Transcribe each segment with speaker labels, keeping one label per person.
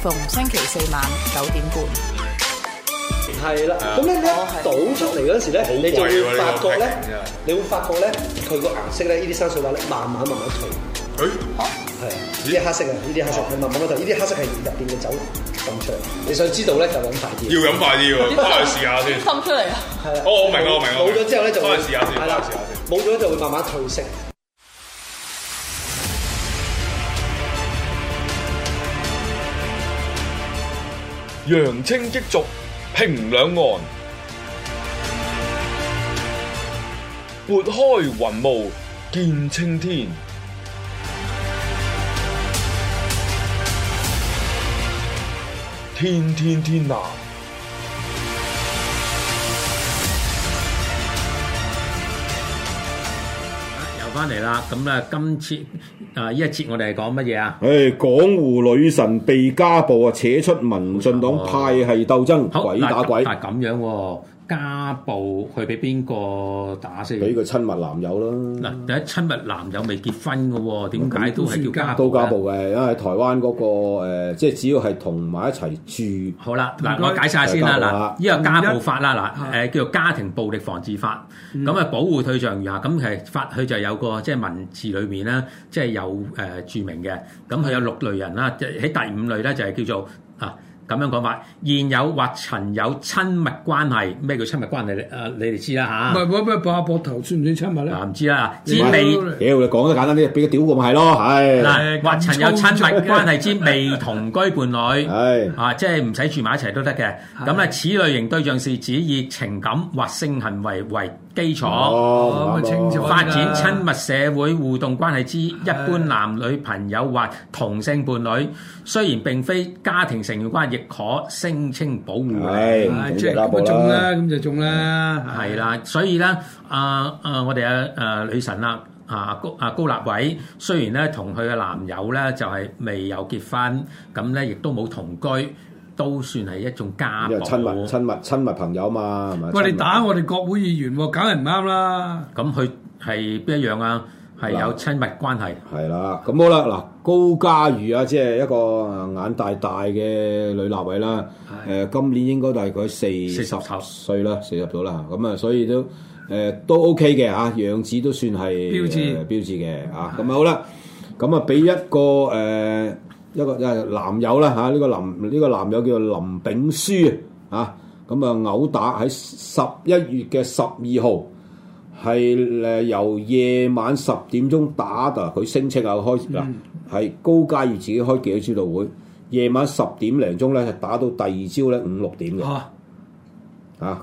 Speaker 1: 逢星期四晚九點半，
Speaker 2: 係啦。咁咧咧倒出嚟嗰時咧，你就會發覺咧，你會發覺咧，佢個顏色咧，呢啲山水畫咧，慢慢慢慢退。誒，吓，係呢啲黑色啊，呢啲黑色係慢慢嗰度，呢啲黑色係入邊嘅酒滲出嚟。你想知道咧，就飲快啲，要飲快啲喎。翻去試下先，滲出嚟啊，係啊。哦，我明啦，我明啦。冇咗之後咧，就翻去試下先。係啦，試下先。冇咗就會慢慢褪色。揚清激濁，平兩岸；撥開雲霧，見青天。
Speaker 1: 天天天藍，又翻嚟啦！咁咧，今次。啊！呢一節我哋係講乜嘢啊？
Speaker 2: 唉、哎，港湖女神被家暴啊，扯出民進黨派系鬥爭，好鬼打鬼。係咁
Speaker 1: 樣喎、啊。家暴去俾邊個
Speaker 2: 打先？俾個親密男友啦。嗱，
Speaker 1: 第一親密男友未結婚嘅喎，點解都係叫家暴咧？都
Speaker 2: 家暴嘅，因為台灣嗰、嗰個即係、呃、只要係同埋一齊住。好啦，嗱應該，我解晒先啦，嗱，呢
Speaker 1: 個家暴法啦，嗱一，誒叫做家庭暴力防治法，咁啊、嗯、保護對象如下，咁係法佢就有個即係文字裏面咧，即係有誒註明嘅，咁佢有六類人啦，即喺第五類咧就係叫做啊。咁樣講法，現有或曾有親密關係，咩叫親密關係？你哋知啦嚇。唔係，唔係，
Speaker 2: 膊頭算唔算親密咧？啊，唔知啦。之未，妖你講得簡單啲，俾佢屌過咪係咯，係、哎。嗱，
Speaker 1: 或曾有親密關係之未同居伴侶，係啊 是，即係唔使住埋一齊都得嘅。咁咧是，此類型對象是指以情感或性行為為。基礎發展親密社會互動關係之一，對一般男女朋友或同性伴侶，雖然並非家庭成員關係，亦可聲稱保護。對嗯、即係咁，咁就中啦。係啦，對對所以咧，阿、呃、阿我哋阿女神啦，啊高阿高立偉，雖然咧同佢嘅男友咧就係未有結婚，咁咧亦都冇同居。都算係一種家親密
Speaker 2: 親密親密朋友啊嘛，係咪？喂，你打
Speaker 1: 我哋國會議員，梗係唔啱啦！咁佢係邊一樣啊？係有親密關係。係啦，
Speaker 2: 咁好啦，嗱，高嘉瑜啊，即係一個眼大大嘅女立委啦。誒，今年應該大概四十七歲啦，四十咗啦。咁啊，所以都誒都 OK 嘅嚇，樣子都算係標誌標誌嘅嚇。咁好啦，咁啊，俾一個誒。一個即係男友啦嚇，呢個林呢個男友叫做林炳書啊嚇，咁啊毆打喺十一月嘅十二號，係誒由夜晚十點鐘打到佢聲稱啊開業啦，係高嘉瑜自己開記者招待會，夜晚十點零鐘咧係打到第二朝咧五六點嘅。啊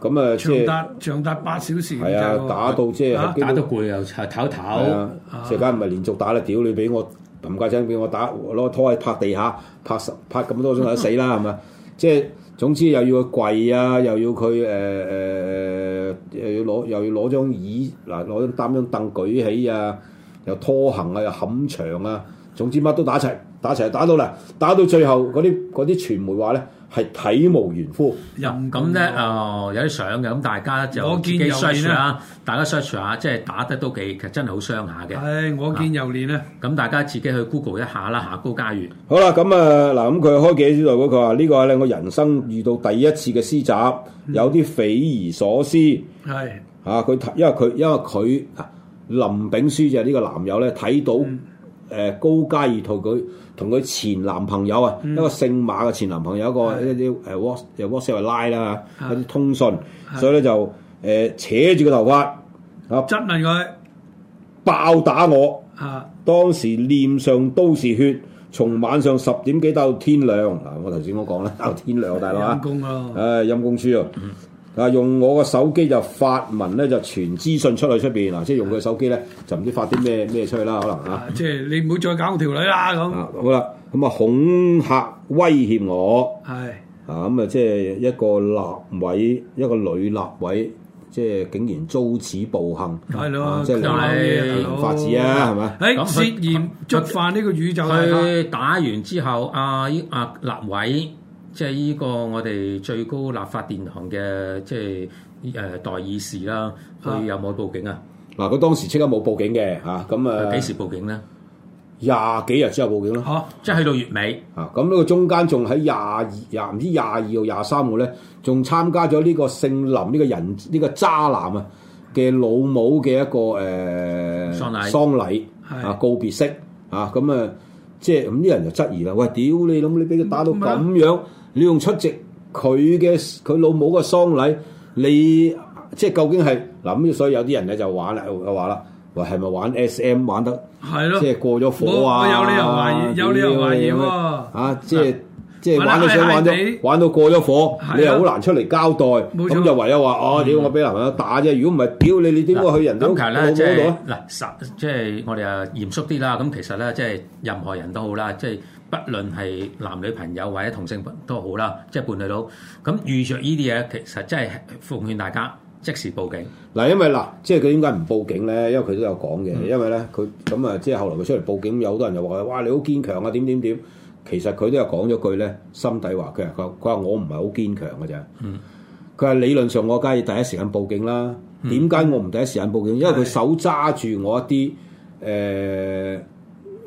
Speaker 2: 咁啊即係長達八小時。係、嗯啊，嗯、啊，打到即係、啊、打到攰又唞一唞。成間唔係連續打啦，屌你俾我！唔怪得俾我打，攞個拖去拍地下拍拍咁多鐘都死啦，係嘛？即係總之又要佢跪啊，又要佢誒誒，又要攞又要攞張椅嗱，攞張擔張凳舉起啊，又拖行啊，又冚牆啊，總之乜都打齊，打齊打到啦，打到最後嗰啲啲傳媒話咧。係體無完膚，
Speaker 1: 咁咧誒有啲相嘅，咁大家就我幾歲咧？大家 search 下，即係打得都幾，其實真係好傷眼嘅。係，我見又練咧，咁、啊、大家自己去 Google 一下啦，夏高家悦。
Speaker 2: 好啦，咁誒嗱，咁佢開幾多度嗰個啊？呢、這個咧，我人生遇到第一次嘅詩集，有啲匪夷所思。係、嗯、啊，佢因為佢因為佢林炳書就係呢個男友咧睇到、嗯。誒高佳怡同佢同佢前男朋友啊，一個姓馬嘅前男朋友，嗯、一個的一啲誒 WhatsApp、WhatsApp 拉啦的，一啲通訊，的所以咧就誒、呃、扯住個頭髮啊，質問佢，爆打我，的當時臉上都是血，從晚上十點幾天到天亮。嗱，我頭先講啦，到天亮，大佬啊，陰
Speaker 1: 公咯，
Speaker 2: 誒陰公輸啊！啊！用我個手機就發文咧，就傳資訊出去出邊啊！即係用佢手機咧，就唔知發啲咩咩出去啦，可能嚇。即係你唔好再搞我條女啦！咁。啊，好啦，咁啊恐嚇威脅我。係。啊，咁啊即係一個立委，一個女立委，即係竟然遭此暴行。係咯，即係法治啊，係咪？誒，涉
Speaker 1: 嫌觸犯呢個宇宙。佢打完之後，阿阿立委。即係呢個我哋最高立法殿堂嘅，即係誒、呃、代議士啦，佢有冇報
Speaker 2: 警啊？嗱、啊，佢當時即刻冇報警嘅嚇，咁啊幾時報警咧？廿幾日之後報警咯、啊啊
Speaker 1: 啊，即係去到月尾
Speaker 2: 啊！咁、那、呢個中間仲喺廿二廿唔知廿二號廿三號咧，仲參加咗呢個姓林呢個人呢、呢個渣男啊嘅老母嘅一個誒、呃、喪禮喪禮啊的告別式啊咁啊，即係咁啲人就質疑啦喂，屌你諗你俾佢打到咁樣！你用出席佢嘅佢老母嘅喪禮，你即係究竟係嗱咁，所以有啲人咧就玩啦，又話啦：喂，係咪玩 SM 玩得？係咯，即係過咗火啊！有理由懷疑，有理由懷疑喎。即係即係玩到想玩啫，玩到過咗火，你又好難出嚟交代。咁就唯有話：哦，屌！我俾男朋友打啫。如果唔係，屌你你點會去人哋都冇嗰度？嗱，
Speaker 1: 十，即係我哋啊嚴肅啲啦。咁其實咧，即係任何人都好啦，即係。不論係男女朋友或者同性朋友都好啦，即係伴侶都好，咁遇着呢啲嘢，其實真係奉勸大家即時報警。
Speaker 2: 嗱，因為嗱，即係佢點解唔報警咧？因為佢都有講嘅，因為咧佢咁啊，即係後來佢出嚟報警，有好多人就話：，哇，你好堅強啊，點點點。其實佢都有講咗句咧，心底話佢話佢話我唔係好堅強嘅啫。嗯。佢話理論上我梗係第一時間報警啦，點解我唔第一時間報警？嗯、因為佢手揸住我一啲誒。呃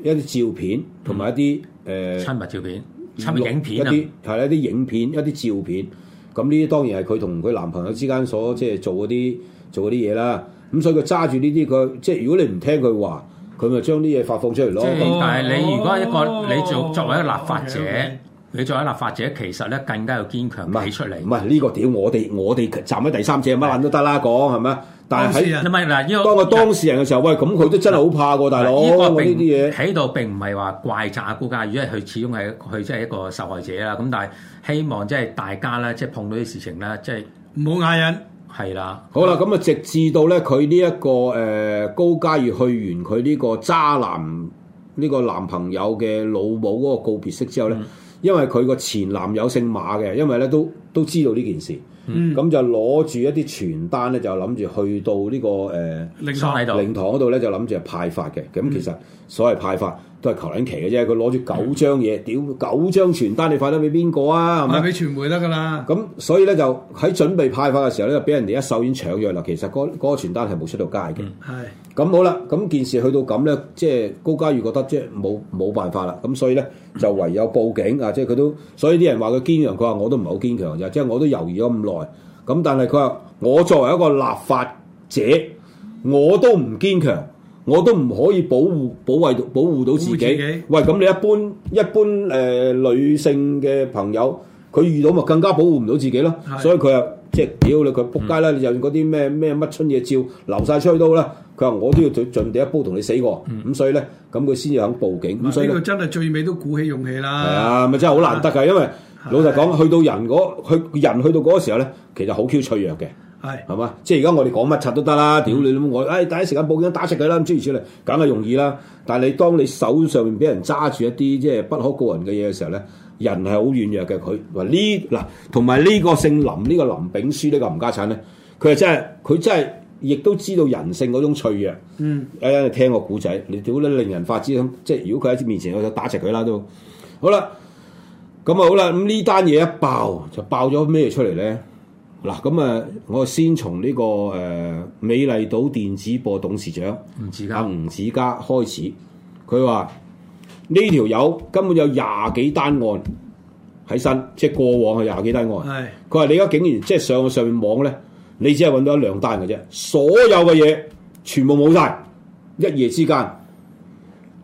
Speaker 2: 一啲照片同埋一啲誒、嗯呃、親密照片、親密影片、啊、一啲係一啲影片一啲照片，咁呢啲當然係佢同佢男朋友之間所即係做嗰啲做啲嘢啦。咁所以佢揸住呢啲，佢即係如果你唔聽佢話，佢咪將啲嘢發放出嚟咯。即係咁樣、但係你如
Speaker 1: 果一個、哦、你做作為一個立法者。Okay, okay. 你作為立法者，其實咧更加要堅強
Speaker 2: 企出嚟。唔係呢個屌我哋，我哋站喺第三者乜捻都得啦，講，係咪？但係喺你咪嗱，因為當個當事人嘅時候，喂，咁佢都真係好怕噶，大佬。呢啲嘢，喺度，並唔係話
Speaker 1: 怪責阿高嘉瑜，因為佢始終係佢即係一個受害者啦。咁但係希望即係大家咧，即係碰到啲事情咧，即係唔好嗌人。係啦，
Speaker 2: 好啦，咁啊，直至到咧，佢呢一個誒高嘉瑜去完佢呢個渣男呢個男朋友嘅老母嗰個告別式之後咧。因為佢個前男友姓馬嘅，因為咧都都知道呢件事，咁就攞住一啲傳單咧，就諗住去到呢個誒靈堂嗰度，靈堂嗰度，咧就諗住派發嘅。咁其實所謂派發。嗯都係求卵期嘅啫，佢攞住九張嘢，屌、嗯、九張傳單，你快得俾邊個啊？派俾傳媒得噶啦。咁所以咧就喺準備派發嘅時候咧，就俾人哋一手院搶咗啦。其實嗰嗰個傳單係冇出到街嘅。係咁、嗯、好啦，咁件事去到咁咧，即係高嘉瑜覺得即係冇冇辦法啦。咁所以咧就唯有報警啊！即係佢都，所以啲人話佢堅強，佢話我都唔係好堅強咋，即、就、係、是、我都猶豫咗咁耐。咁但係佢話我作為一個立法者，我都唔堅強。我都唔可以保護、保衞、保護到自己。自己喂，咁你一般一般誒、呃、女性嘅朋友，佢遇到咪更加保護唔到自己咯？的所以佢啊，即係屌、嗯、你，佢仆街啦！你又嗰啲咩咩乜春嘢照流晒出去都啦。佢話我都要盡地一煲同你死過。咁、嗯、所以咧，咁佢先至肯報警。咁、嗯、所以佢真係最尾都鼓起勇氣啦。係啊，咪真係好難得㗎，因為老實講，去到人嗰去人去，去到嗰個時候咧，其實好 Q 脆弱嘅。係，係嘛？即係而家我哋講乜柒都得啦，屌、嗯、你我！哎，第一時間報警打實佢啦，諸如此類，梗係容易啦。但係你當你手上面俾人揸住一啲即係不可告人嘅嘢嘅時候咧，人係好軟弱嘅。佢話呢嗱，同埋呢個姓林呢、這個林炳書呢、這個吳家產咧，佢係真係，佢真係亦都知道人性嗰種脆弱。嗯，誒，聽個古仔，你屌你令人髮指咁，即係如果佢喺面前，我就打直佢啦都好啦。咁啊好啦，咁呢單嘢一爆就爆咗咩出嚟咧？嗱，咁啊，我先從呢、這個誒、呃、美麗島電子報董事長吳子嘉，阿吳子嘉開始，佢話呢條友根本有廿幾單案喺身，即係過往係廿幾單案。係佢話你而家竟然即係上上網咧，你只係揾到一兩單嘅啫，所有嘅嘢全部冇晒，一夜之間，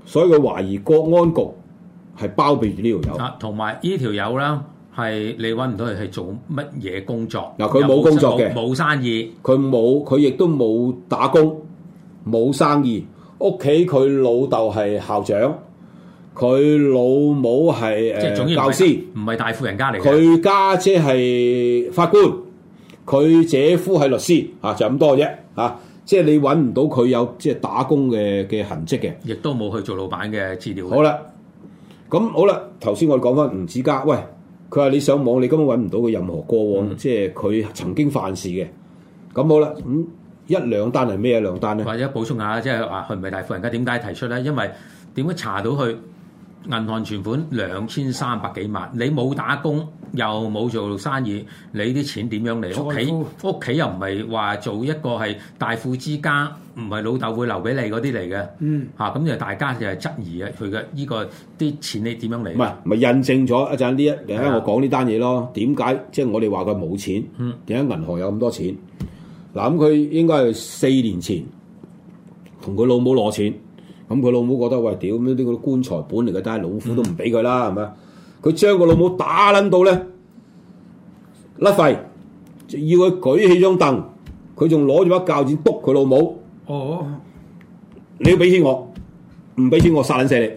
Speaker 2: 所以佢懷疑國安局係包庇住、啊、呢條友。
Speaker 1: 同埋呢條友啦。係你搵唔到佢係做乜
Speaker 2: 嘢工作？嗱，佢冇工作嘅，冇生意，佢冇，佢亦都冇打工，冇生意。屋企佢老豆係校長，佢老母係誒總教師，
Speaker 1: 唔係大富人家嚟。佢
Speaker 2: 家姐係法官，佢姐夫係律師。啊，就咁多啫。啊，即係你搵唔到佢有即係打工嘅嘅痕迹嘅，亦都冇去做老闆嘅資料。好啦，咁好啦，頭先我哋講翻吳子嘉，喂。佢話你上網，你根本揾唔到佢任何過往，嗯、即係佢曾經犯事嘅。咁好啦、嗯，一兩單係咩啊？一
Speaker 1: 兩單呢？或者補充下，即係話佢唔係大富人家，點解提出呢？因為點解查到佢？銀行存款兩千三百幾萬，你冇打工又冇做生意，你啲錢點樣嚟？屋企屋企又唔係話做一個係大富之家，唔係老豆會留俾你嗰啲嚟嘅。嗯，嚇咁就大家就係質疑嘅佢嘅呢個啲錢你點樣
Speaker 2: 嚟？唔係咪印證咗一陣呢一？你睇我講呢單嘢咯。點解即係我哋話佢冇錢？點解銀行有咁多錢？嗱咁佢應該係四年前同佢老母攞錢。咁佢老母覺得喂，屌咁啲嗰棺材本嚟嘅，但係老虎都唔俾佢啦，係咪啊？佢將個老母打撚到咧，甩廢，要佢舉起張凳，佢仲攞住把鉸剪督佢老母。哦哦，你要俾錢我，唔俾錢我殺撚死你。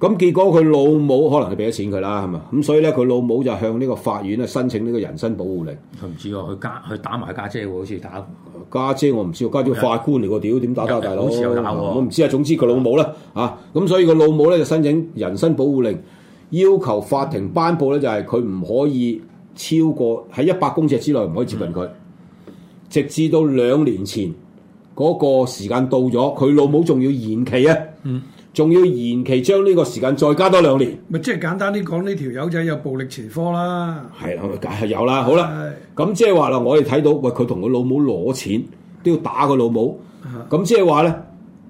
Speaker 2: 咁結果佢老母可能就俾咗錢佢啦，係嘛？咁所以咧，佢老母就向呢個法院咧申請呢個人身保護令。佢唔知喎，佢家佢打埋家姐喎，好似打家姐，姐，我唔知喎，家姐法官嚟個屌，點打交大佬？我唔知啊。總之佢老母咧，吧啊咁所以個老母咧就申請人身保護令，要求法庭頒布咧就係佢唔可以超過喺一百公尺之內唔可以接近佢，嗯、直至到兩年前嗰、嗰個時間到咗，佢老母仲要延期啊！嗯。仲要延期將呢個時間再加多兩年，咪即係簡單啲講，呢條友仔有暴力前科啦。係啦，梗係有啦。好啦，咁即係話啦，我哋睇到喂佢同佢老母攞錢都要打佢老母，咁即係話咧，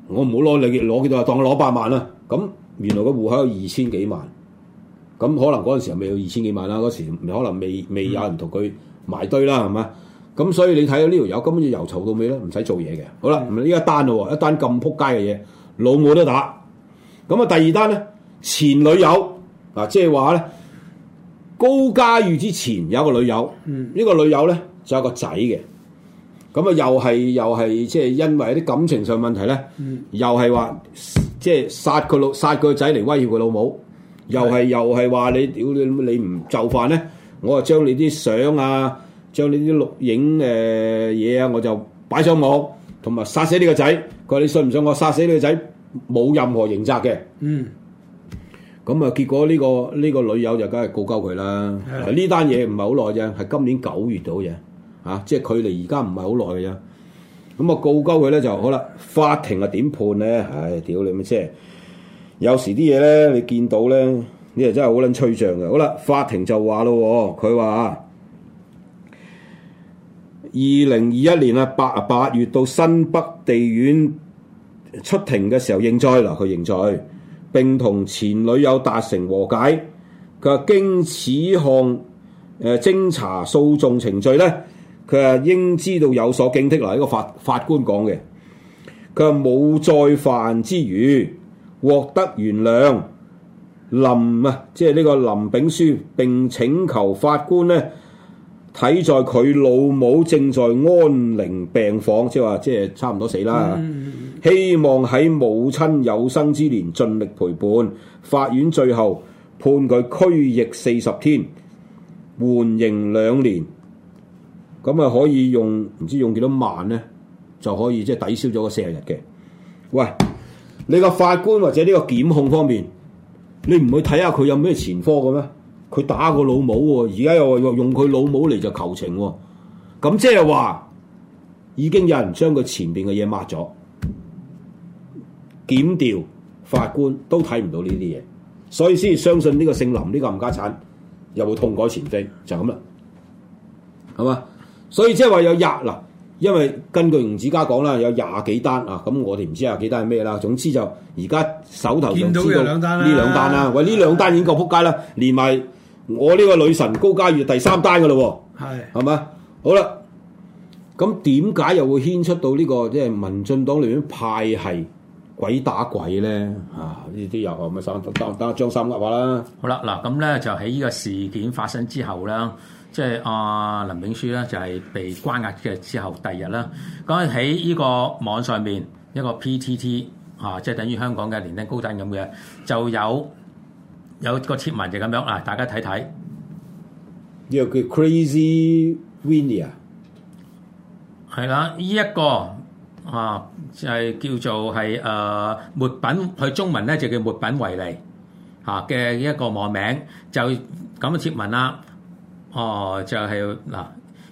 Speaker 2: 我唔好攞你攞幾多，當佢攞百萬啦。咁原來個戶口有二千幾萬，咁可能嗰陣時未有二千幾萬啦。嗰時可能未未有人同佢埋堆啦，係嘛、嗯？咁所以你睇到呢條友根本就由頭到尾咧，唔使做嘢嘅。好啦，唔係呢一單咯，一單咁撲街嘅嘢，老母都打，打。咁啊，第二單咧，前女友啊，即係話咧，高家裕之前有個女友，呢、嗯、個女友咧就有一個仔嘅，咁啊，又係又係，即係因為啲感情上問題咧，嗯、又係話即係殺個老殺個仔嚟威脅佢老母，又係的又係話你屌你你唔就範咧，我啊將你啲相啊，將你啲錄影誒嘢、呃、啊，我就擺上網，同埋殺死呢個仔，佢話你信唔信我殺死你個仔？冇任何刑責嘅，嗯，咁啊、嗯，結果呢、這個呢、這個女友就梗係告鳩佢啦。呢單嘢唔係好耐啫，係、啊、今年九月到啫，吓、啊，即係距離而家唔係好耐嘅啫。咁啊，嗯、告鳩佢咧就好啦。法庭啊點判咧？唉、哎，屌你咪即係，有時啲嘢咧你見到咧，呢個真係好撚吹脹嘅。好啦，法庭就話咯，佢話二零二一年啊八啊八月到新北地院，出庭嘅時候認罪啦，佢認罪，並同前女友達成和解。佢話經此項誒偵查訴訟程序咧，佢話應知道有所警惕嗱，呢、這個法法官講嘅，佢話冇再犯之餘獲得原諒。林啊，即係呢個林炳書，並請求法官咧睇在佢老母正在安寧病房，即係話即係差唔多死啦。嗯希望喺母親有生之年盡力陪伴。法院最後判佢拘役四十天，緩刑兩年。咁啊可以用唔知用幾多萬咧，就可以即係抵消咗個四十日嘅。喂，你個法官或者呢個檢控方面，你唔去睇下佢有咩前科嘅咩？佢打過老母喎，而家又話用佢老母嚟就求情喎。咁即係話已經有人將佢前邊嘅嘢抹咗。檢調法官都睇唔到呢啲嘢，所以先至相信呢個姓林呢個冚家鏟又會痛改前非，就咁啦，係嘛？所以即係話有廿嗱，因為根據吳子嘉講啦，有廿幾單啊，咁我哋唔知廿幾單係咩啦。總之就而家手頭就知道呢兩單啦，單啊、喂，呢兩單已經夠撲街啦，是的 連埋我呢個女神高嘉瑜第三單嘅咯喎，係係嘛？是的 好啦，咁點解又會牽出到呢個即係民進黨裏邊派系？鬼打鬼咧，啊！呢啲又咁啊，等下張三粒話啦。
Speaker 1: 好啦，嗱咁咧
Speaker 2: 就喺呢個事件
Speaker 1: 發生之後啦，即係阿林炳書咧就係被關押嘅之後第二日啦。咁喺呢個網上面一個 PTT 啊，即係等於香港嘅連登高登咁嘅，就有有個貼文就咁樣啊，大家睇睇。
Speaker 2: 呢個叫 Crazy India，
Speaker 1: 係啦，呢一個。啊，就係叫做係誒末品，佢中文咧就叫末品為利，嚇嘅一個網名就咁嘅貼文啦。哦，就係嗱，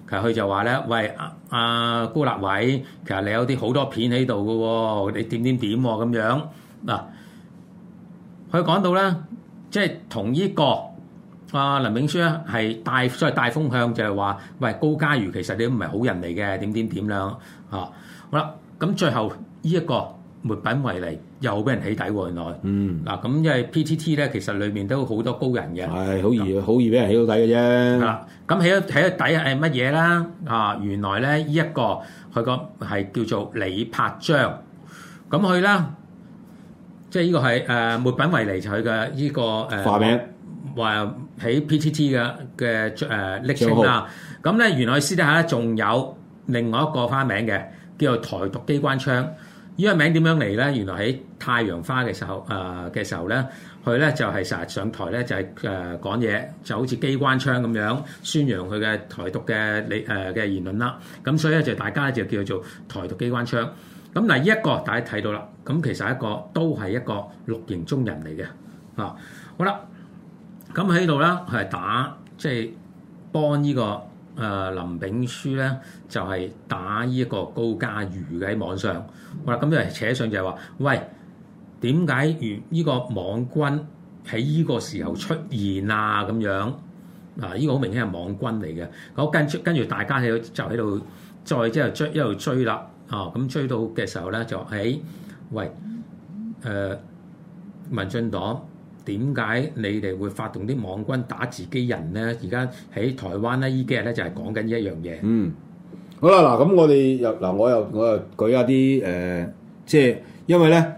Speaker 1: 其實佢就話咧，喂阿阿高立偉，其實你有啲好多片喺度嘅喎，你點點點咁樣嗱。佢講到咧，即係同呢個阿林永書咧係大，所謂大風向，就係話喂高家瑜其實你都唔係好人嚟嘅，點點點樣啊？好啦。咁最後依一個沒品維尼，又俾人起底喎，原來。嗯，嗱，咁因為 P.T.T 咧，其實裏面都好多高人嘅。
Speaker 2: 係好易，好易俾人起到底嘅啫。係啦，
Speaker 1: 咁起咗起咗底係乜嘢啦？啊，原來咧依一個佢個係叫做李柏章，咁佢咧，即係依個係誒沒品維尼，就佢嘅依個誒化名，話喺 P.T.T 嘅嘅誒匿名啦。咁咧原來私底下咧仲有另外一個花名嘅。叫做台獨機關槍，呢個名點樣嚟咧？原來喺太陽花嘅時候，誒、呃、嘅時候咧，佢咧就係成日上台咧，就係誒講嘢，就好似機關槍咁樣宣揚佢嘅台獨嘅你誒嘅言論啦。咁所以咧就大家就叫做台獨機關槍。咁嗱，呢一個大家睇到啦，咁其實一個都係一個綠營中人嚟嘅啊。好啦，咁喺度啦，佢係打即係、就是、幫呢、這個。誒、呃、林炳書咧就係、是、打呢一個高嘉瑜嘅喺網上，好、嗯、啦，咁就係扯上就係話，喂，點解如呢個網軍喺依個時候出現啊？咁樣嗱，依、啊這個好明顯係網軍嚟嘅。咁跟住跟住大家喺度就喺度再即係追一路追啦，哦、啊，咁追到嘅時候咧就喺、欸，喂，誒、呃、民進黨。點解你哋會發動啲網軍打自己人咧？而家喺台灣咧，呢幾日咧就係講緊一樣嘢。嗯，
Speaker 2: 好啦，嗱咁我哋又嗱，我又我又舉一啲誒、呃就是啊嗯，即係因為咧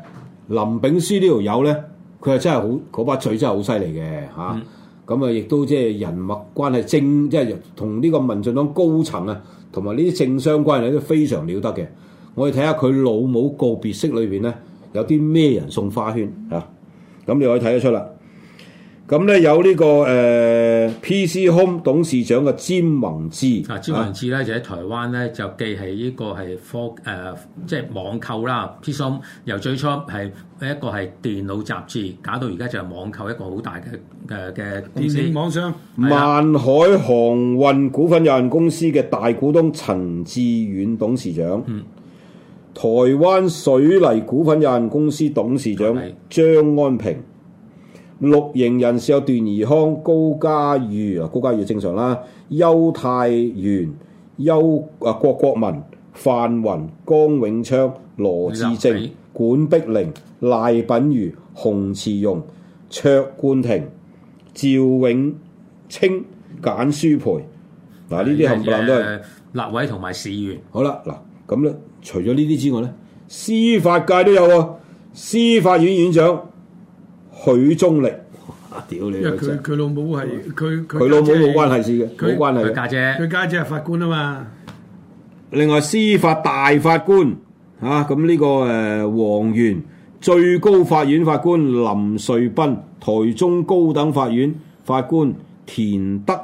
Speaker 2: 林炳書呢條友咧，佢係真係好嗰把嘴，真係好犀利嘅嚇。咁啊，亦都即係人脈關係政，即係同呢個民進黨高層啊，同埋呢啲政商關係都非常了得嘅。我哋睇下佢老母告別式裏邊咧，有啲咩人送花圈嚇。啊。咁你可以睇得出啦。咁咧有呢、這個誒、呃、PC Home 董事長嘅詹宏志。啊，詹宏
Speaker 1: 志咧就喺、是、台灣咧就既係呢個係科誒即係網購啦。PC Home 由最初係一個係電腦雜誌，搞到而家就係網購一個好大嘅嘅嘅公司。線、呃、上。啊、
Speaker 2: 萬海航運股份有限公司嘅大股東陳志遠董事長。嗯。台灣水泥股份有限公司董事長張安平，綠營人士有段宜康、高嘉瑜啊，高嘉瑜正常啦。邱泰源、邱啊郭國文、范雲、江永昌、羅志正、管碧玲、賴品如、洪慈庸、卓冠廷、趙永清、簡舒培，嗱呢啲冚唪唥都係
Speaker 1: 立委同埋市議員。
Speaker 2: 好啦，嗱咁咧。除咗呢啲之外咧，司法界都有啊。司法院院長許宗力，哇屌你佢老母係佢，佢老母冇關係事嘅，冇關係。佢家姐，佢家姐係法官啊嘛。另外司法大法官嚇咁呢個誒黃源，最高法院法官林瑞斌，台中高等法院法官田德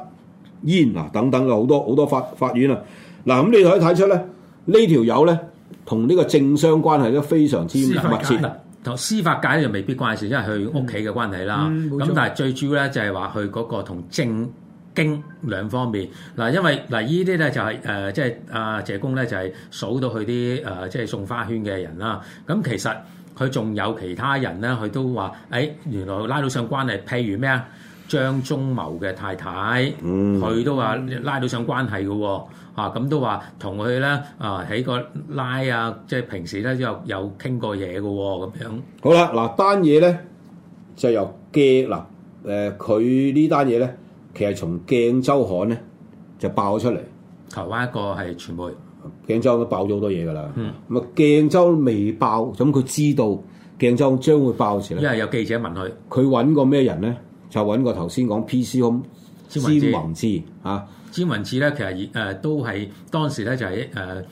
Speaker 2: 煙嗱、啊、等等嘅好多好多法法院啊嗱咁，你可以睇出咧。呢條友咧，同呢個政商關係都非常之密切。
Speaker 1: 同司法界咧就未必關事，因為佢屋企嘅關係啦。咁、嗯、但係最主要咧就係話佢嗰個同政經兩方面嗱，因為嗱呢啲咧就係誒即係阿謝公咧就係數到佢啲誒即係送花圈嘅人啦。咁其實佢仲有其他人咧，佢都話誒原來拉到上關係，譬如咩啊？張忠謀嘅太太，佢、嗯、都話拉到上關係嘅喎、哦，咁、啊、都話同佢咧啊喺個拉啊，即係平時咧有、哦、有傾過嘢嘅喎，咁樣
Speaker 2: 好啦嗱，單嘢咧就由驚嗱誒佢呢單嘢咧，其實從鏡週刊咧就爆咗出嚟，台灣一個係傳媒鏡週刊爆咗好多嘢噶啦，咁啊、嗯、鏡週未爆，咁佢知道鏡週將會爆時因為
Speaker 1: 有記者問佢，
Speaker 2: 佢揾過咩人咧？就揾個頭先講 PChome，詹宏志。啊，
Speaker 1: 詹宏志咧其實誒、呃、都係當時咧就係、是、誒、呃、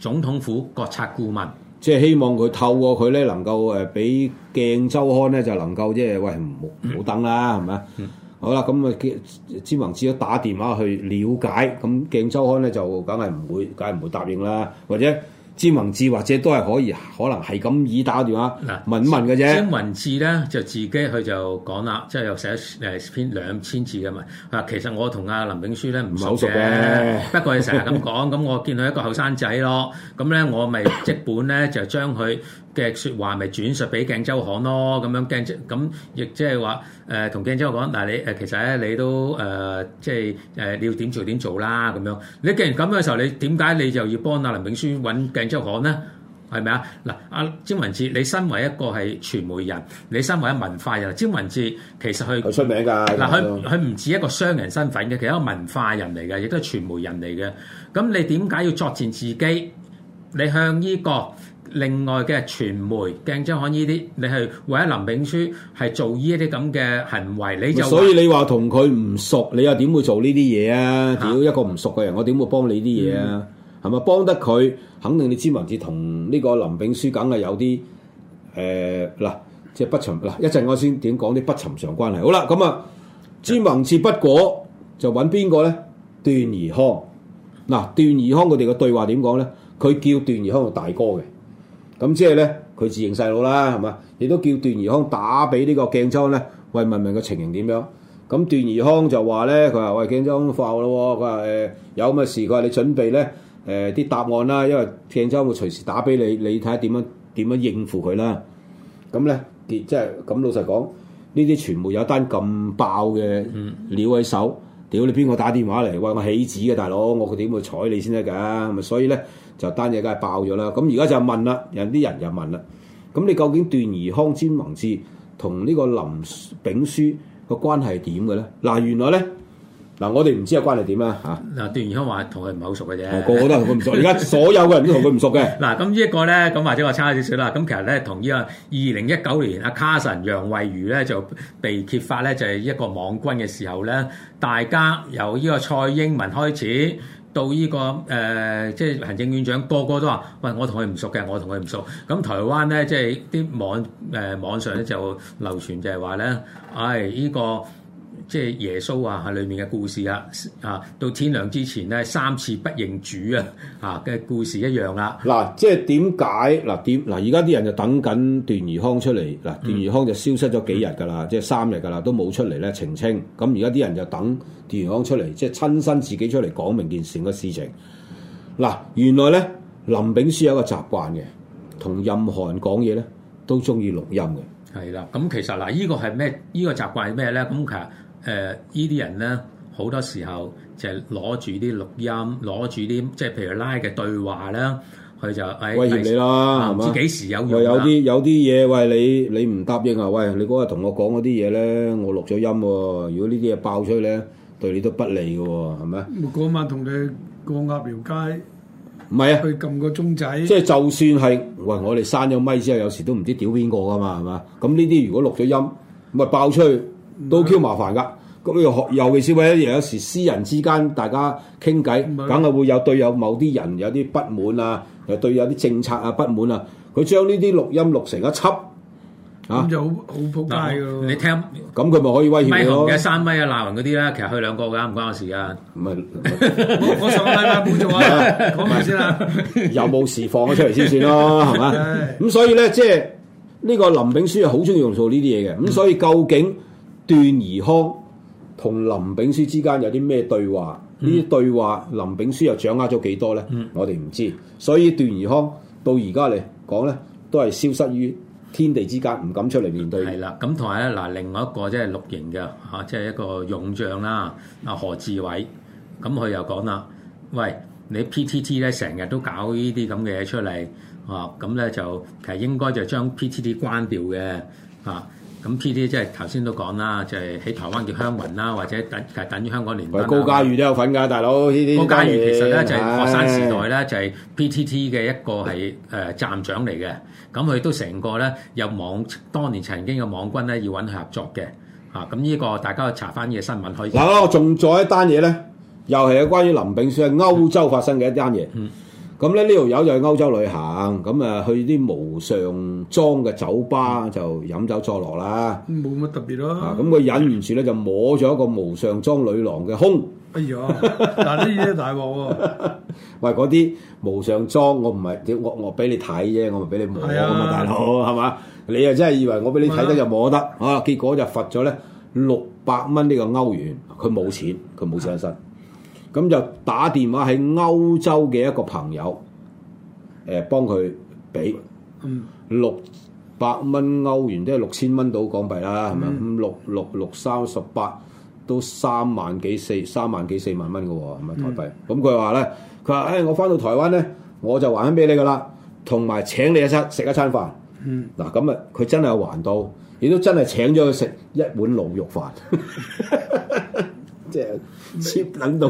Speaker 1: 總統府國策顧
Speaker 2: 問，即係希望佢透過佢咧能夠誒俾鏡周刊咧就能夠即係喂唔好等啦，係咪啊？吧嗯、好啦，咁啊詹宏志都打電話去了解，咁、嗯、鏡周刊咧就梗係唔會，梗係唔會答應啦，或者。知文字或者都係可以，可能係咁以打電話嗱問一問嘅啫。啲
Speaker 1: 文字咧就自己佢就講啦，即係又寫誒篇兩千字嘅文嚇。其實我同阿林炳書咧唔熟嘅，不，熟不過你成日咁講，咁 我見到一個後生仔咯，咁咧我咪即本咧就將佢。 嘅説話咪、就是、轉述俾鏡週刊咯，咁樣鏡咁亦即係話誒同鏡週刊，嗱、呃、你誒其實咧你都誒、呃、即係誒、呃、你要點做點做啦，咁樣你既然咁嘅時候，你點解你就要幫阿林炳書揾鏡週刊咧？係咪啊？嗱，阿詹文傑，你身為一個係傳媒人，你身為一個文化人，詹文傑其實佢好出名㗎，嗱佢佢唔止一個商人身份嘅，其實一個文化人嚟嘅，亦都係傳媒人嚟嘅。咁你點解要作戰自己？你向呢、這個？另外嘅傳媒鏡週刊呢啲，你係為咗林秉樞係做呢一啲咁嘅行為，你就所以你
Speaker 2: 話同佢唔熟，你又點會做呢啲嘢啊？只要一個唔熟嘅人，我點會幫你啲嘢啊？係咪？幫得佢，肯定你詹文治同呢個林秉樞梗係有啲誒嗱，即係不尋嗱一陣我先點講啲不尋常關係。好啦，咁的啊，詹文治不過就揾邊個咧？段宜康嗱，段宜康佢哋嘅對話點講咧？佢叫段宜康大哥嘅。咁即係咧，佢自認細佬啦，係嘛？亦都叫段宜康打俾呢個鏡週咧，問問問個情形點樣？咁段宜康就話咧，佢話喂鏡週浮咯喎，佢話誒有咁嘅事，佢話你準備咧誒啲答案啦，因為鏡週會隨時打俾你，你睇下點樣點樣應付佢啦。咁咧，即係咁老實講，呢啲全部有單咁爆嘅料喺手，屌你邊個打電話嚟？喂，我起子嘅大佬，我佢點會睬你先得㗎？咪所以咧。就單嘢梗係爆咗啦！咁而家就問啦，人啲人又問啦，咁你究竟段宜康詹宏志同呢個林秉樞個關係係點嘅咧？嗱、啊，原來咧，嗱、啊、我哋唔知個關係點啦嚇。
Speaker 1: 嗱、啊，段宜康話同佢唔係好熟嘅啫、哦。個個都同佢唔熟，而家所
Speaker 2: 有嘅人都同佢唔熟嘅、
Speaker 1: 啊。嗱，咁呢一個咧，咁或者我差少少啦。咁其實咧，同呢個二零一九年阿卡神楊蕙如咧就被揭發咧，就係、是、一個網軍嘅時候咧，大家由呢個蔡英文開始。到呢、這個誒，即、呃、係、就是、行政院長個個都話：喂，我同佢唔熟嘅，我同佢唔熟。咁台灣咧，即係啲網誒、呃、網上咧就流傳就係話咧，唉、哎，呢、這個。即係耶穌啊，喺裏面嘅故事啊，啊到天亮之前咧三次不認主啊，啊嘅故事一樣、啊、
Speaker 2: 啦。嗱，即係點解嗱點嗱而家啲人就等緊段宜康出嚟嗱，段宜康就消失咗幾日噶啦、嗯，即係三日噶啦，都冇出嚟咧澄清。咁而家啲人就等段宜康出嚟，即係親身自己出嚟講明件事。個事情。嗱、啊，原來咧林炳書有一個習慣嘅，同任何人講嘢咧都中意錄音嘅。係啦，咁、嗯、其實嗱，依、這個係咩？呢、
Speaker 1: 這個習慣係咩咧？咁其實。其實誒呢啲人咧，好多時候就攞住啲錄音，攞住啲即係譬如拉嘅對話啦，佢就、哎、威脅你啦，唔、啊、嘛知幾時有用有。有啲
Speaker 2: 有啲嘢，喂你你唔答應啊，喂你嗰日同我講嗰啲嘢咧，我錄咗音喎。如果呢啲嘢爆出去咧，對你都不利嘅喎，係
Speaker 1: 咪？嗰晚同你過鴨寮街，
Speaker 2: 唔係啊，佢撳個鐘仔。即係就算係喂我哋閂咗咪之後，有時都唔知屌邊個㗎嘛，係嘛？咁呢啲如果錄咗音，咁啊爆出去，都 Q 麻煩噶，咁又學，尤其是喂，有時私人之間大家傾偈，梗係會有對有某啲人有啲不滿啊，又對有啲政策啊不滿啊，佢將呢啲錄音錄成一輯，嚇，咁就好好撲街喎！你聽，咁佢咪可以威脅你咯？咪紅嘅
Speaker 1: 生咪啊，鬧人嗰啲咧，其實去兩個㗎，唔關我事噶。唔係，我
Speaker 2: 上個禮拜冇補咗啊，講埋先啦。有冇事放咗出嚟先算咯，係嘛？咁所以咧，即係呢個林炳書係好中意用數呢啲嘢嘅，咁所以究竟？段宜康同林炳書之間有啲咩對話？呢啲、嗯、對話林炳書又掌握咗幾多咧？嗯、我哋唔知，所以段宜康到而家嚟講咧，都係消失於天地之間，唔敢出嚟面對。係啦、嗯，咁同埋咧嗱，另
Speaker 1: 外一個即係綠營嘅啊，即、就、係、是、一個勇將啦，阿何志偉，咁、啊、佢又講啦，喂，你 P T T 咧成日都搞呢啲咁嘅嘢出嚟啊，咁、嗯、咧、啊、就其實應該就將 P T T 關掉嘅啊。咁 P T 即係頭先都講啦，就係、是、喺台灣叫鄉民啦，或者等等於香港連登。高嘉
Speaker 2: 瑜都有份㗎，大佬。高嘉瑜其實咧是就係學生時代咧，
Speaker 1: 就係、是、P T T 嘅一個係誒、呃、站長嚟嘅。咁佢都成個咧有網，當年曾經有網軍咧要揾佢合作嘅。嚇，咁呢個大家去查翻嘅新聞可以。嗱，
Speaker 2: 仲再一單嘢咧，又係有關於林炳書喺歐洲發生嘅一單嘢。嗯。嗯嗯。咁咧呢條友就去歐洲旅行，咁啊去啲無上裝嘅酒吧就飲酒作樂啦。冇乜特別咯、啊。咁佢忍唔住咧就摸咗一個無上裝女郎嘅胸。哎呀， 但呢啲大鑊喎！ 喂，嗰啲無上裝，我唔係點惡惡俾你睇啫，我咪俾你，你摸啊嘛，啊大佬係嘛？你又真係以為我俾你睇得就摸得啊？啊結果就罰咗咧六百蚊呢個歐元，佢冇錢，佢冇上身。 咁就打電話喺歐洲嘅一個朋友，誒、呃、幫佢俾、嗯、六百蚊歐元，都係六千蚊到港幣啦，係咪、嗯？咁六六六三十八都三萬幾四三萬幾四萬蚊嘅喎，係咪台幣？咁佢話咧，佢話誒我翻到台灣咧，我就還翻俾你嘅啦，同埋請你一餐食一餐飯。嗱咁啊，佢真係還到，亦都真係請咗佢食一碗滷肉飯。 即係蝕撚到，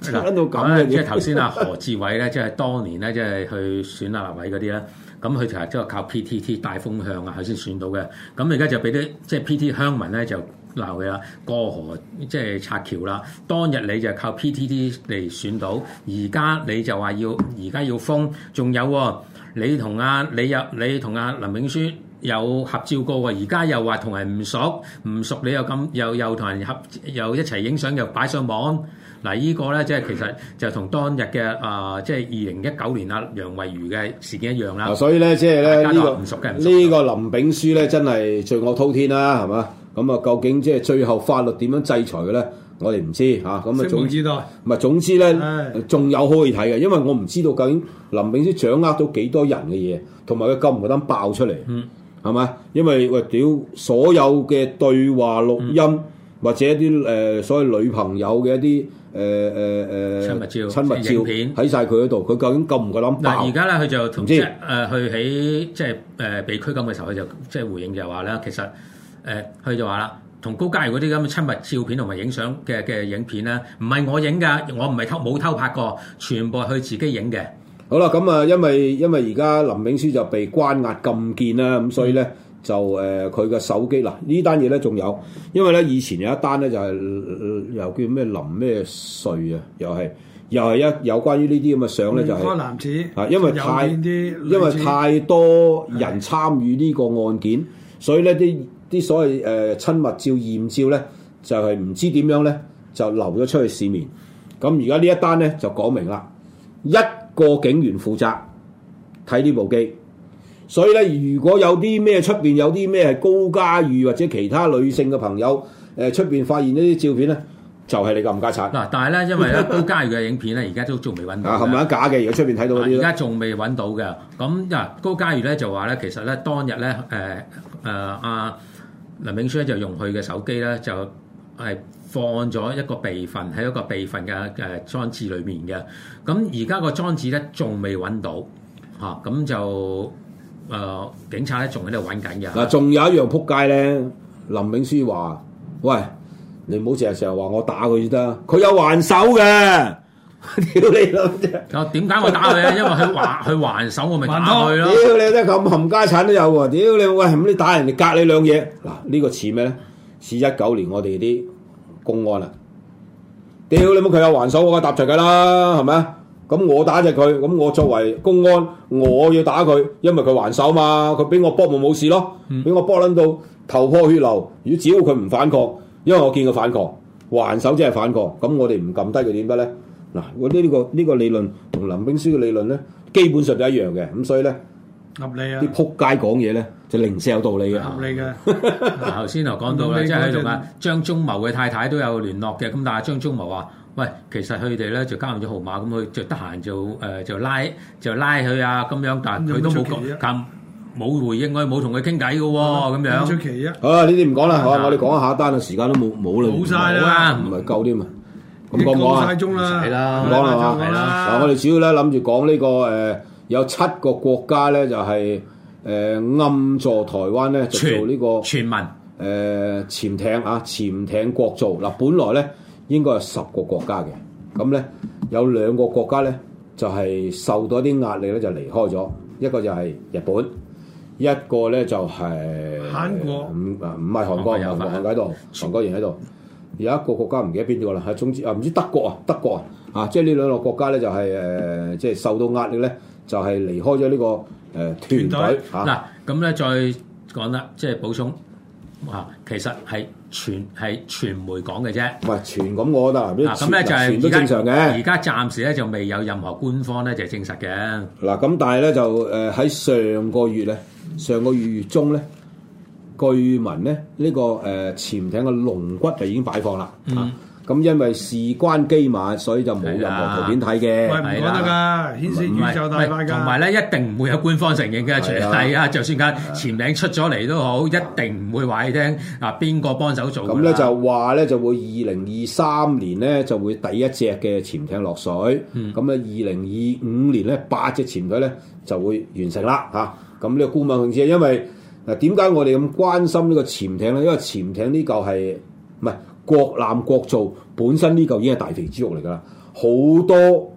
Speaker 2: 蝕撚 到咁即係頭先啊何
Speaker 1: 志偉咧， 即係當年咧，即係去選啊立委嗰啲咧，咁佢就係即係靠 PTT 大風向啊，佢先選到嘅。咁而家就俾啲即係 PTT 鄉民咧就鬧佢啦，過河即係拆橋啦。當日你就靠 PTT 嚟選到，而家你就話要而家要封，仲有、哦、你同啊你又你同阿、啊、林永書。有合照過喎，而家又話同人唔熟，唔熟你又咁又又同人合又一齊影相又擺上網，嗱、這個、呢個咧即係其實就同當日嘅啊、呃、即係二零一九年啊楊惠如嘅事件一樣啦。所以咧即係咧呢、這個唔
Speaker 2: 熟嘅，人。呢個林炳書咧真係罪惡滔天啦、啊，係嘛？咁啊究竟即係最後法律點樣制裁嘅咧？我哋唔知嚇。咁啊就總，之總之都，道的。咪總之咧仲有可以睇嘅，因為我唔知道究竟林炳書掌握到幾多人嘅嘢，同埋佢夠唔夠膽爆出嚟。嗯係嘛？因為喂屌，所有嘅對話錄音、嗯、或者啲誒、呃、所謂女朋友嘅一啲誒誒誒親密照、親密照片喺晒佢嗰度，佢究竟夠唔夠膽？嗱，而家
Speaker 1: 咧，佢就同即係誒，佢喺即係誒被拘禁嘅時候，佢就即係回應就話咧，其實誒，佢就話啦，同高嘉瑜嗰啲咁嘅親密照片同埋影相嘅嘅影片咧，唔係我影㗎，我唔係偷冇偷拍過，全部係佢自己影嘅。
Speaker 2: 好啦，咁啊，因為因為而家林永書就被關押禁見啦，咁、嗯、所以咧就誒佢嘅手機嗱、呃、呢單嘢咧仲有，因為咧以前有一單咧就係、是呃、又叫咩林咩瑞啊，又係又係一有關於呢啲咁嘅相咧就係、是、啊，因為太因為太多人參與呢個案件，的所以咧啲啲所謂誒親密照艷照咧就係、是、唔知點樣咧就流咗出去市面。咁而家呢一單咧就講明啦一。個警員負責睇呢部機，所以咧如果有啲咩出邊，有啲咩高嘉瑜或者其他女性嘅朋友誒出邊發現呢啲照片咧，就係、是、你嘅冚家鏟。嗱，
Speaker 1: 但係咧，因為咧高嘉瑜嘅影片咧，而、 啊啊嗯、家都仲未揾到。啊，係咪
Speaker 2: 假嘅？而家出邊睇到啲而家
Speaker 1: 仲未揾到嘅。咁嗱，高嘉瑜咧就話咧，其實咧當日咧誒誒阿林秉樞咧就用佢嘅手機咧就係、是。放咗一個備份喺一個備份嘅誒、啊、裝置裏面嘅，咁而家個裝置咧仲未揾到嚇，咁就誒警察咧仲喺度揾緊嘅。嗱，
Speaker 2: 仲有一樣撲街咧，林永書話，喂，你唔好成日成日話我打佢得，佢有還手嘅。屌 你老
Speaker 1: 母說！點解我打佢啊？因為佢還佢 還，還手，我咪打佢咯。屌
Speaker 2: 你都咁冚家產都有喎！屌你喂，咁你打人哋隔你兩嘢嗱，啊這個、呢個似咩咧？似一九年我哋啲。公安啦，屌你冇佢有還手，我嘅立場嘅啦，係咪啊？咁我打只佢，咁我作為公安，我要打佢，因為佢還手嘛，佢俾我搏冇冇事咯，俾我搏撚到頭破血流，如果只要佢唔反抗，因為我見佢反抗，還手即係反抗，咁我哋唔撳低佢點得咧？嗱，我呢呢個呢、呢個理論同林冰書嘅理論咧，基本上就一樣嘅，咁所以咧。冇你啊！啲扑街講嘢咧，就零舍有道理嘅吓。冇
Speaker 1: 你嘅。嗱，頭先又講到咧，即係同阿張忠謀嘅太太都有聯絡嘅。咁但係張忠謀話：喂，其實佢哋咧就交換咗號碼，咁佢就得閒就誒就拉就拉佢啊，咁樣。但係佢冇冇回應，冇同佢傾偈嘅喎，咁樣。出
Speaker 2: 奇啊！好，呢啲唔講啦，我我哋講下一單啦，時間都冇冇啦，冇晒啦，唔係夠添啊！咁夠唔夠啊？夠晒鐘啦，唔講啦，嗱，我哋主要咧諗住講呢個誒。有七個國家咧，就係、是、誒、呃、暗助台灣咧，做呢、這個誒全民、呃、潛艇啊，潛艇國造嗱、呃。本來咧應該係十個國家嘅，咁咧有兩個國家咧就係、是、受到啲壓力咧就離開咗，一個就係日本，一個咧就係、是、韓國。唔唔係韓國，韓國喺度，韓國人喺度。有一個國家唔記得邊個啦，總之啊唔知德國啊德國啊啊，即係呢兩個國家咧就係誒即係受到壓力咧。就是就係離開咗呢、這個誒、呃、團隊嗱，
Speaker 1: 咁咧、啊啊、再講啦，即係補充啊，其實係
Speaker 2: 傳係傳媒講嘅啫，唔係傳。咁我覺得啊，咁咧就係都正常嘅。而家
Speaker 1: 暫時咧就未有任何官方咧就係、是、證實嘅。
Speaker 2: 嗱、啊，咁但係咧就誒喺、呃、上個月咧，上個月月中咧，據聞咧呢、這個誒潛艇嘅龍骨就已經擺放啦。啊嗯咁因為事關機密，所以就冇任何圖片睇嘅。喂、啊，唔講得噶，牽涉宇宙大發現。同埋
Speaker 1: 咧，一定唔會有官方承認嘅，除非係啊，啊，就算架潛艇出咗嚟都好，一定唔會話你聽啊，邊個幫手做？咁咧就
Speaker 2: 話咧就會二零二三年咧就會第一隻嘅潛艇落水。咁咧二零二五年咧八隻潛艇咧就會完成啦嚇。咁、啊、呢個顧問同志，因為嗱點解我哋咁關心呢個潛艇咧？因為潛艇呢個係唔係？國艦國造本身呢嚿已經係大肥豬肉嚟㗎啦，好多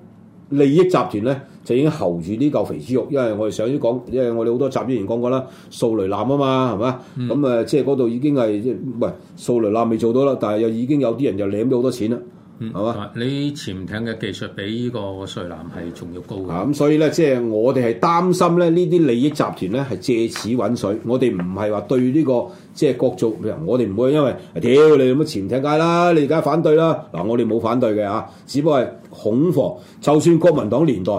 Speaker 2: 利益集團咧就已經候住呢嚿肥豬肉，因為我哋上次講，因為我哋好多集之前講過啦，掃雷艦啊嘛，係咪？咁啊、嗯、即係嗰度已經係唔係掃雷艦未做到啦，但係又已經有啲人又領咗好多錢啦。
Speaker 1: 好啊！嗯、吧你潛艇嘅技術比呢個瑞南係仲要高嘅，咁、
Speaker 2: 嗯、所以咧，即係我哋係擔心咧，呢啲利益集團咧係借此搵水。我哋唔係話對呢、這個即係國造，我哋唔會因為，屌 你乜潛艇界啦，你而家反對啦，嗱我哋冇反對嘅啊，只不過係恐慌。就算國民黨年代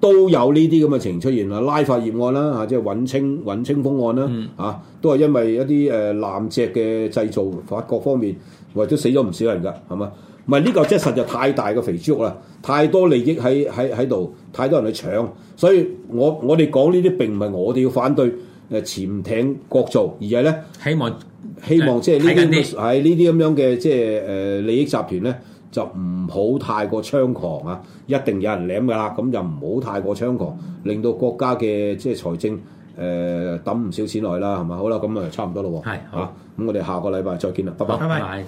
Speaker 2: 都有呢啲咁嘅情形出現啦，拉法葉案啦，啊即係尹清尹清風案啦，嗯、啊都係因為一啲誒艦隻嘅製造法各方面，或者死咗唔少人噶，係嘛？唔係呢個即係實在太大嘅肥豬肉啦，太多利益喺喺喺度，太多人去搶，所以我我哋講呢啲並唔係我哋要反對誒潛艇國造，而係咧希望希望即係呢啲喺呢啲咁樣嘅即係誒利益集團咧就唔好太過猖狂啊！一定有人舐㗎啦，咁就唔好太過猖狂，令到國家嘅即係財政誒抌唔少錢落啦，係咪？好啦，咁啊差唔多咯喎，係嚇，咁我哋下個禮拜再見啦，拜拜。